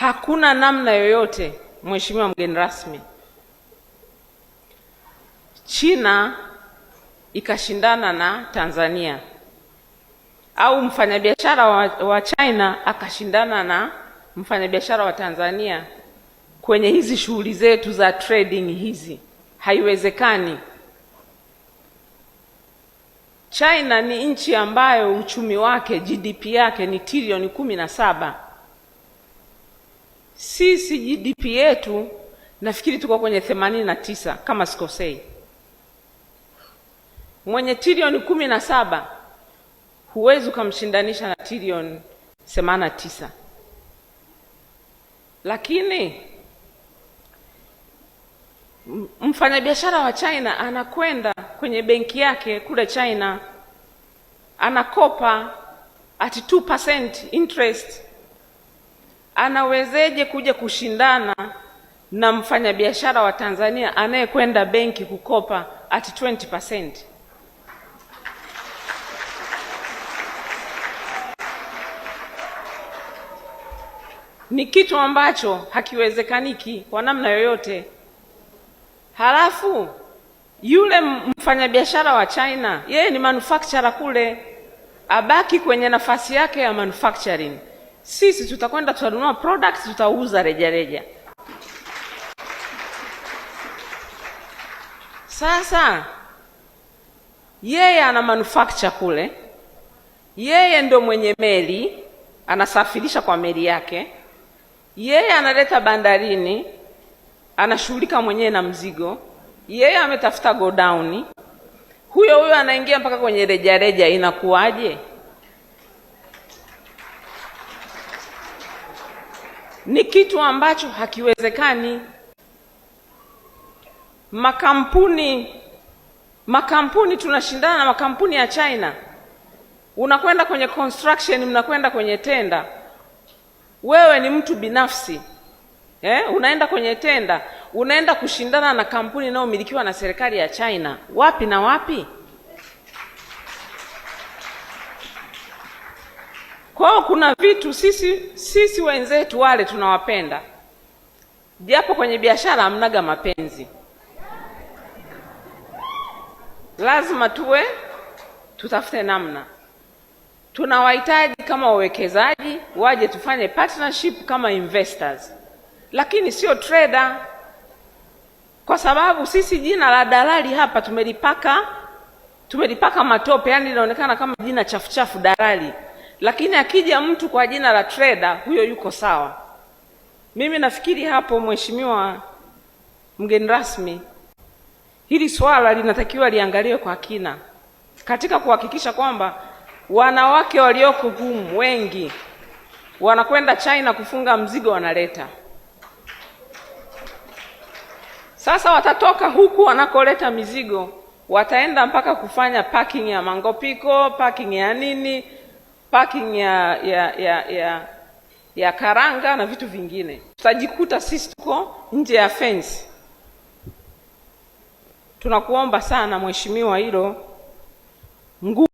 Hakuna namna yoyote, Mheshimiwa mgeni rasmi, China ikashindana na Tanzania au mfanyabiashara wa, wa China akashindana na mfanyabiashara wa Tanzania kwenye hizi shughuli zetu za trading hizi, haiwezekani. China ni nchi ambayo uchumi wake GDP yake ni trilioni kumi na saba. Sisi GDP yetu nafikiri tuko kwenye themanini na tisa kama sikosei. Mwenye trilioni kumi na saba huwezi ukamshindanisha na trilioni themanini na tisa, lakini mfanyabiashara wa China anakwenda kwenye benki yake kule China anakopa at 2% interest anawezeje kuja kushindana na mfanyabiashara wa Tanzania anayekwenda benki kukopa at 20%? Ni kitu ambacho hakiwezekaniki kwa namna yoyote. Halafu yule mfanyabiashara wa China yeye ni manufacturer kule, abaki kwenye nafasi yake ya manufacturing sisi tutakwenda tutanunua products, tutauza rejareja. Sasa yeye ana manufacture kule, yeye ndo mwenye meli, anasafirisha kwa meli yake, yeye analeta bandarini, anashughulika mwenyewe na mzigo, yeye ametafuta godauni, huyo huyo anaingia mpaka kwenye rejareja. Inakuwaje? ni kitu ambacho hakiwezekani. Makampuni makampuni tunashindana na makampuni ya China. Unakwenda kwenye construction, mnakwenda kwenye tenda, wewe ni mtu binafsi eh? Unaenda kwenye tenda, unaenda kushindana na kampuni inayomilikiwa na serikali ya China, wapi na wapi? hiyo kuna vitu sisi sisi wenzetu wale tunawapenda, japo kwenye biashara hamnaga mapenzi. Lazima tuwe tutafute namna, tunawahitaji kama wawekezaji waje tufanye partnership kama investors, lakini sio trader, kwa sababu sisi jina la dalali hapa tumelipaka tumelipaka matope, yani linaonekana kama jina chafuchafu dalali. Lakini akija mtu kwa jina la trader, huyo yuko sawa. Mimi nafikiri hapo, mheshimiwa mgeni rasmi, hili swala linatakiwa liangaliwe kwa kina katika kuhakikisha kwamba wanawake walioko humu wengi wanakwenda China kufunga mzigo, wanaleta sasa, watatoka huku wanakoleta mizigo, wataenda mpaka kufanya parking ya mangopiko, parking ya nini parking ya ya ya ya ya karanga na vitu vingine, tutajikuta sisi tuko nje ya fence. Tunakuomba sana mheshimiwa, hilo nguvu